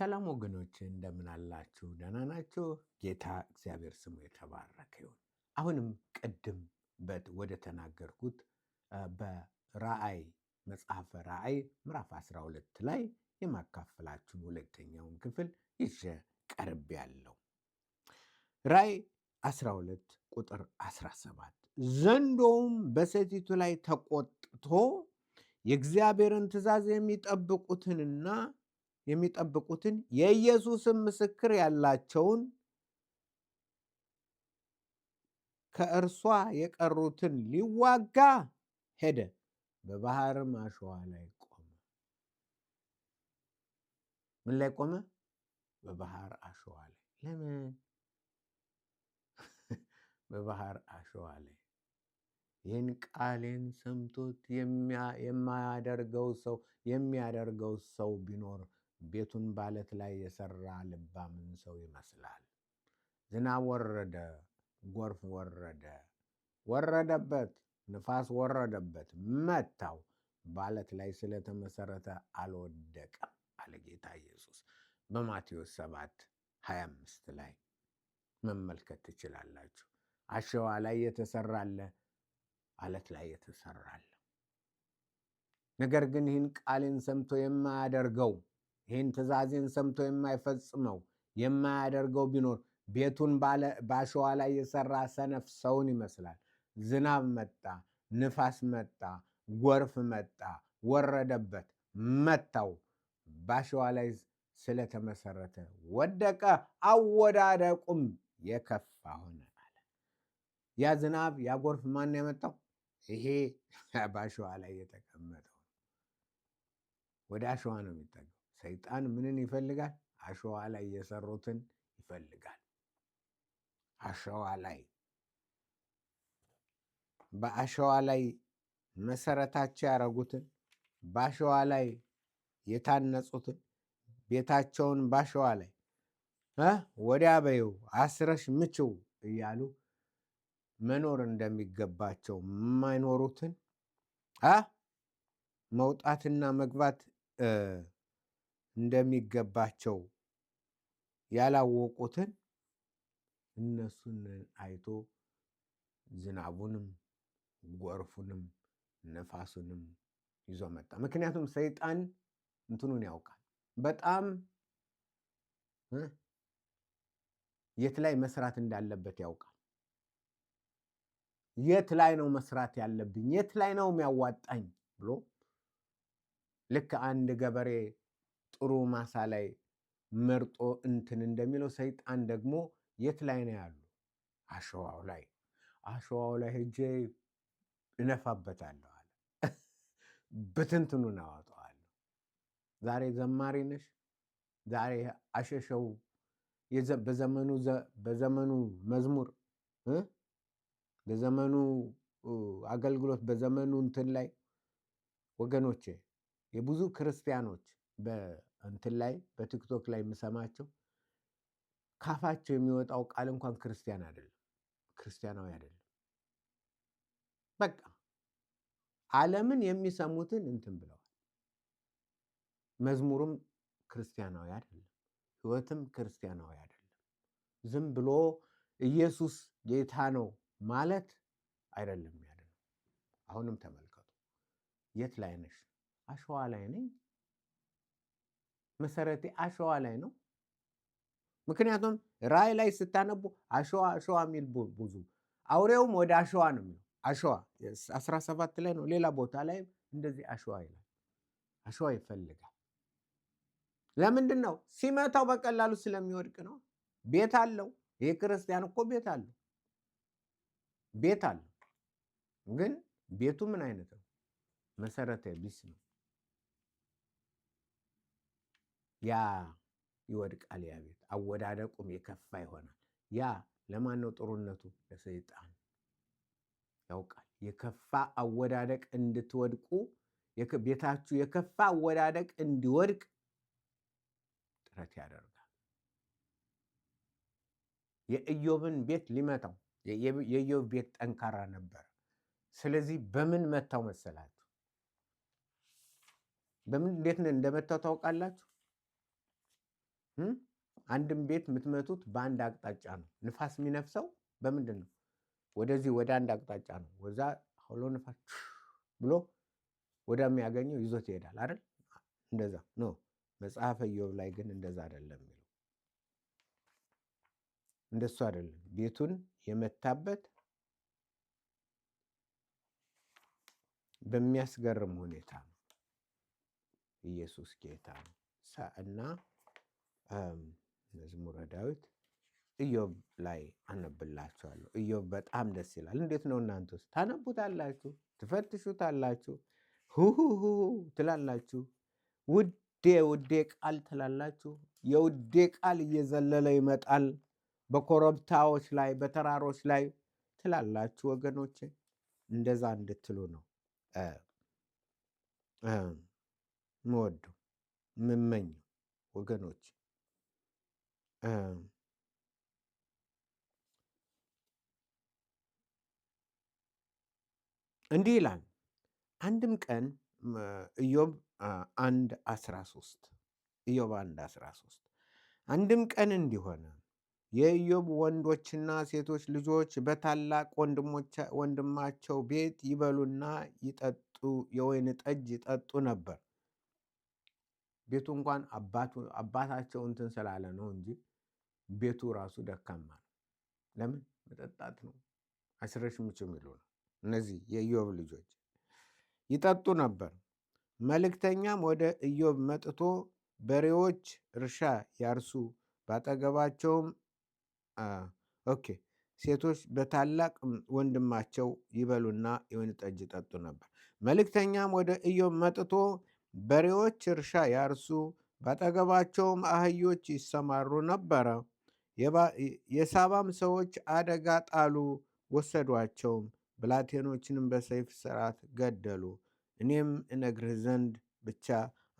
ሰላም ወገኖች እንደምን አላችሁ? ደህና ናችሁ? ጌታ እግዚአብሔር ስሙ የተባረከ ይሁን። አሁንም ቅድም ወደ ተናገርኩት በራእይ መጽሐፈ ራእይ ምዕራፍ 12 ላይ የማካፈላችሁን ሁለተኛውን ክፍል ይዤ ቀርብ ያለው ራእይ 12 ቁጥር 17 ዘንዶውም በሴቲቱ ላይ ተቆጥቶ የእግዚአብሔርን ትእዛዝ የሚጠብቁትንና የሚጠብቁትን የኢየሱስን ምስክር ያላቸውን ከእርሷ የቀሩትን ሊዋጋ ሄደ፣ በባህርም አሸዋ ላይ ቆመ። ምን ላይ ቆመ? በባህር አሸዋ ላይ። ለምን በባህር አሸዋ ላይ? ይህን ቃሌን ሰምቶት የማያደርገው ሰው የሚያደርገው ሰው ቢኖር ቤቱን ባለት ላይ የሰራ ልባምን ሰው ይመስላል። ዝናብ ወረደ፣ ጎርፍ ወረደ፣ ወረደበት፣ ንፋስ ወረደበት፣ መታው። ባለት ላይ ስለተመሰረተ አልወደቀም አለ ጌታ ኢየሱስ በማቴዎስ 7 25 ላይ መመልከት ትችላላችሁ። አሸዋ ላይ የተሰራለ አለት ላይ የተሰራለ ነገር ግን ይህን ቃልን ሰምቶ የማያደርገው ይህን ትእዛዜን ሰምቶ የማይፈጽመው የማያደርገው ቢኖር ቤቱን በአሸዋ ላይ የሰራ ሰነፍ ሰውን ይመስላል። ዝናብ መጣ፣ ንፋስ መጣ፣ ጎርፍ መጣ፣ ወረደበት፣ መታው። በአሸዋ ላይ ስለተመሰረተ ወደቀ፣ አወዳደቁም የከፋ ሆነ አለ። ያ ዝናብ ያ ጎርፍ ማን ያመጣው? ይሄ በአሸዋ ላይ የተቀመጠው ወደ አሸዋ ነው የሚጠገው ሰይጣን ምንን ይፈልጋል? አሸዋ ላይ የሰሩትን ይፈልጋል። አሸዋ ላይ በአሸዋ ላይ መሰረታቸው ያደረጉትን በአሸዋ ላይ የታነጹትን ቤታቸውን በአሸዋ ላይ ወዲያ በይው አስረሽ ምችው እያሉ መኖር እንደሚገባቸው የማይኖሩትን መውጣትና መግባት እንደሚገባቸው ያላወቁትን እነሱን አይቶ ዝናቡንም ጎርፉንም ነፋሱንም ይዞ መጣ። ምክንያቱም ሰይጣን እንትኑን ያውቃል። በጣም የት ላይ መስራት እንዳለበት ያውቃል። የት ላይ ነው መስራት ያለብኝ፣ የት ላይ ነው የሚያዋጣኝ ብሎ ልክ አንድ ገበሬ ጥሩ ማሳ ላይ መርጦ እንትን እንደሚለው ሰይጣን ደግሞ የት ላይ ነው ያሉ? አሸዋው ላይ አሸዋው ላይ ሄጄ እነፋበታለሁ አለ። ብትንትኑን አወጣዋለሁ። ዛሬ ዘማሪ ነሽ፣ ዛሬ አሸሸው በዘመኑ መዝሙር በዘመኑ አገልግሎት በዘመኑ እንትን ላይ ወገኖቼ የብዙ ክርስቲያኖች እንትን ላይ በቲክቶክ ላይ የምሰማቸው ካፋቸው የሚወጣው ቃል እንኳን ክርስቲያን አይደለም፣ ክርስቲያናዊ አይደለም። በቃ ዓለምን የሚሰሙትን እንትን ብለዋል። መዝሙሩም ክርስቲያናዊ አይደለም፣ ህይወትም ክርስቲያናዊ አይደለም። ዝም ብሎ ኢየሱስ ጌታ ነው ማለት አይደለም ያለ ነው። አሁንም ተመልከቱ። የት ላይ ነሽ? አሸዋ ላይ ነኝ መሰረቴ አሸዋ ላይ ነው። ምክንያቱም ራእይ ላይ ስታነቡ አሸዋ አሸዋ የሚል ብዙ አውሬውም ወደ አሸዋ ነው የሚለው። አሸዋ 17 ላይ ነው። ሌላ ቦታ ላይ እንደዚህ አሸዋ ይላል። አሸዋ ይፈልጋል። ለምንድን ነው ሲመታው? በቀላሉ ስለሚወድቅ ነው። ቤት አለው። ይህ ክርስቲያን እኮ ቤት አለው፣ ቤት አለው። ግን ቤቱ ምን አይነት ነው? መሰረተ ቢስ ነው። ያ ይወድቃል። ያ ቤት አወዳደቁም የከፋ ይሆናል። ያ ለማን ነው ጥሩነቱ? ለሰይጣን ያውቃል። የከፋ አወዳደቅ እንድትወድቁ ቤታችሁ የከፋ አወዳደቅ እንዲወድቅ ጥረት ያደርጋል። የኢዮብን ቤት ሊመታው የኢዮብ ቤት ጠንካራ ነበር። ስለዚህ በምን መታው መሰላችሁ? በምን እንዴት እንደመታው ታውቃላችሁ? አንድም ቤት የምትመቱት በአንድ አቅጣጫ ነው። ንፋስ የሚነፍሰው በምንድን ነው? ወደዚህ ወደ አንድ አቅጣጫ ነው። ወዛ አውሎ ንፋስ ብሎ ወደሚያገኘው ይዞት ይሄዳል አይደል? እንደዛ ነው። መጽሐፈ ኢዮብ ላይ ግን እንደዛ አይደለም የሚለው እንደሱ አይደለም። ቤቱን የመታበት በሚያስገርም ሁኔታ ነው። ኢየሱስ ጌታ ነው እና መዝሙረ ዳዊት ኢዮብ ላይ አነብላችኋለሁ። ኢዮብ በጣም ደስ ይላል። እንዴት ነው እናንተስ? ታነቡታላችሁ፣ ትፈትሹታላችሁ፣ ሁሁሁ ትላላችሁ፣ ውዴ ውዴ ቃል ትላላችሁ። የውዴ ቃል እየዘለለ ይመጣል በኮረብታዎች ላይ በተራሮች ላይ ትላላችሁ። ወገኖች እንደዛ እንድትሉ ነው ምወዱ ምመኝ ወገኖች Um, እንዲህ ይላል። አንድም ቀን ኢዮብ አንድ አስራ ሶስት ኢዮብ አንድ አስራ ሶስት አንድም ቀን እንዲሆነ የኢዮብ ወንዶችና ሴቶች ልጆች በታላቅ ወንድማቸው ቤት ይበሉና ይጠጡ የወይን ጠጅ ይጠጡ ነበር። ቤቱ እንኳን አባታቸው እንትን ስላለ ነው እንጂ ቤቱ ራሱ ደካማ ነው። ለምን መጠጣት ነው አስረሽ ምቹ የሚሉ ነው። እነዚህ የኢዮብ ልጆች ይጠጡ ነበር። መልእክተኛም ወደ ኢዮብ መጥቶ በሬዎች እርሻ ያርሱ፣ ባጠገባቸውም ኦኬ ሴቶች በታላቅ ወንድማቸው ይበሉና የወይን ጠጅ ይጠጡ ነበር። መልእክተኛም ወደ ኢዮብ መጥቶ በሬዎች እርሻ ያርሱ፣ ባጠገባቸውም አህዮች ይሰማሩ ነበረ። የሳባም ሰዎች አደጋ ጣሉ፣ ወሰዷቸውም፣ ብላቴኖችንም በሰይፍ ስርዓት ገደሉ። እኔም እነግርህ ዘንድ ብቻ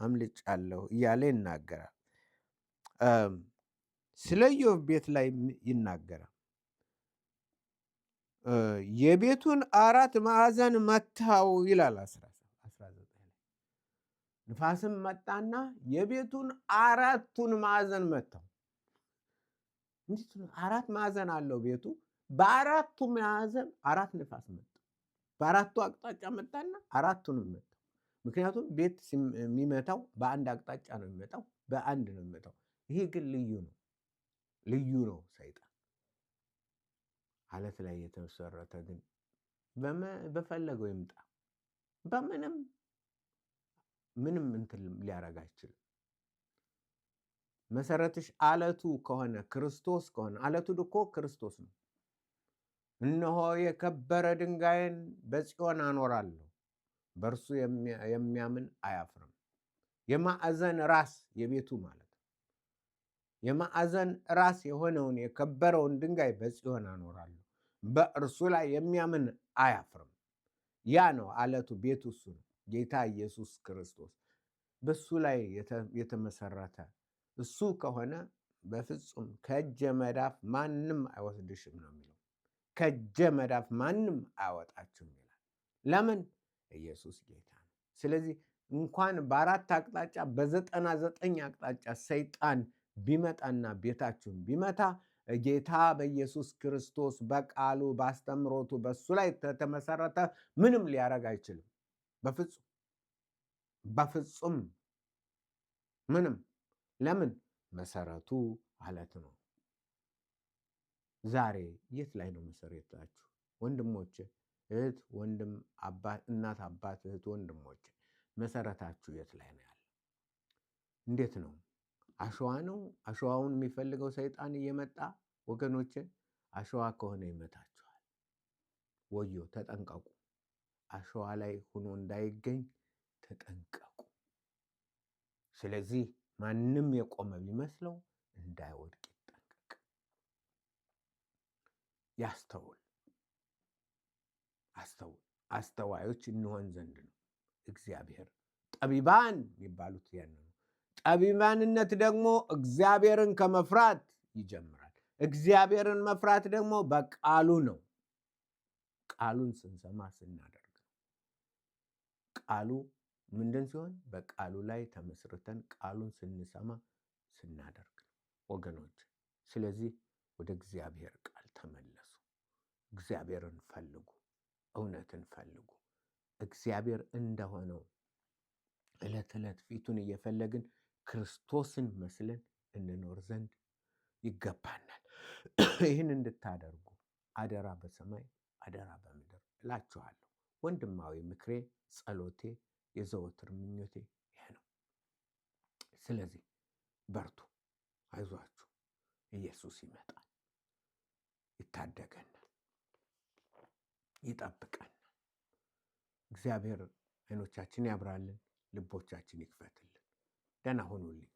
አምልጫለሁ እያለ ይናገራል። ስለ ኢዮብ ቤት ላይ ይናገራል። የቤቱን አራት ማዕዘን መታው ይላል ንፋስም መጣና የቤቱን አራቱን ማዕዘን መታው። አራት ማዕዘን አለው ቤቱ። በአራቱ ማዕዘን አራት ንፋስ መጣ፣ በአራቱ አቅጣጫ መጣና አራቱንም መጣው። ምክንያቱም ቤት የሚመታው በአንድ አቅጣጫ ነው የሚመጣው፣ በአንድ ነው የሚመጣው። ይሄ ግን ልዩ ነው፣ ልዩ ነው። ሰይጣን አለት ላይ የተመሰረተ ግን በፈለገው ይምጣ፣ በምንም ምንም እንትን ሊያረግ አይችልም። መሰረትሽ አለቱ ከሆነ ክርስቶስ ከሆነ አለቱ ድኮ ክርስቶስ ነው። እነሆ የከበረ ድንጋይን በጽዮን አኖራለሁ፣ በእርሱ የሚያምን አያፍርም። የማዕዘን ራስ የቤቱ ማለት ነው። የማዕዘን ራስ የሆነውን የከበረውን ድንጋይ በጽዮን አኖራለሁ፣ በእርሱ ላይ የሚያምን አያፍርም። ያ ነው አለቱ፣ ቤቱ እሱ ነው ጌታ ኢየሱስ ክርስቶስ በሱ ላይ የተመሰረተ እሱ ከሆነ በፍጹም ከእጀ መዳፍ ማንም አይወስድሽም ነው የሚለው። ከእጀ መዳፍ ማንም አያወጣችሁም ይላል። ለምን? ኢየሱስ ጌታ ነው። ስለዚህ እንኳን በአራት አቅጣጫ በዘጠና ዘጠኝ አቅጣጫ ሰይጣን ቢመጣና ቤታችሁን ቢመታ ጌታ በኢየሱስ ክርስቶስ በቃሉ በአስተምሮቱ በሱ ላይ ተመሰረተ ምንም ሊያደርግ አይችልም። በፍጹም በፍጹም ምንም ለምን መሰረቱ አለት ነው። ዛሬ የት ላይ ነው መሰረታችሁ? ወንድሞች እህት ወንድም እናት አባት እህት ወንድሞች መሰረታችሁ የት ላይ ነው ያለ? እንዴት ነው አሸዋ ነው? አሸዋውን የሚፈልገው ሰይጣን እየመጣ ወገኖች፣ አሸዋ ከሆነ ይመታችኋል። ወዮ ተጠንቀቁ። አሸዋ ላይ ሆኖ እንዳይገኝ ተጠንቀቁ። ስለዚህ ማንም የቆመ ቢመስለው እንዳይወድቅ ይጠንቀቅ፣ ያስተውል። አስተውል አስተዋዮች እንሆን ዘንድ ነው እግዚአብሔር ጠቢባን የሚባሉት ያን ነው። ጠቢባንነት ደግሞ እግዚአብሔርን ከመፍራት ይጀምራል። እግዚአብሔርን መፍራት ደግሞ በቃሉ ነው። ቃሉን ስንሰማ ስናደርግ ነው ቃሉ ምንድን ሲሆን በቃሉ ላይ ተመስርተን ቃሉን ስንሰማ ስናደርግ ነው ወገኖች። ስለዚህ ወደ እግዚአብሔር ቃል ተመለሱ። እግዚአብሔርን ፈልጉ፣ እውነትን ፈልጉ። እግዚአብሔር እንደሆነው ዕለት ዕለት ፊቱን እየፈለግን ክርስቶስን መስለን እንኖር ዘንድ ይገባናል። ይህን እንድታደርጉ አደራ በሰማይ አደራ በምድር እላችኋለሁ። ወንድማዊ ምክሬ ጸሎቴ የዘወትር ምኞቴ ይሄ ነው። ስለዚህ በርቱ፣ አይዟችሁ፣ ኢየሱስ ይመጣል፣ ይታደገናል፣ ይጠብቀናል። እግዚአብሔር አይኖቻችን ያብራልን፣ ልቦቻችን ይክፈትልን። ደህና ሁኑልኝ።